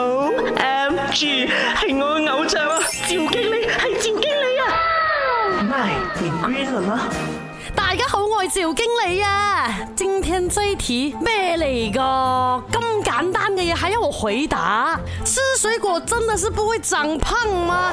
O M G，係我嘅偶像啊！趙經理係趙經理啊！My Greenman 大家好愛趙經理啊！今天 ZT 咩嚟個？咁簡單嘅嘢，係因為我回答吃水果真的是不會長胖嗎？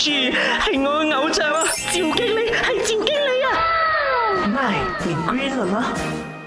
係我嘅偶像啊，趙經理係趙經理啊，My 回歸了嗎？No,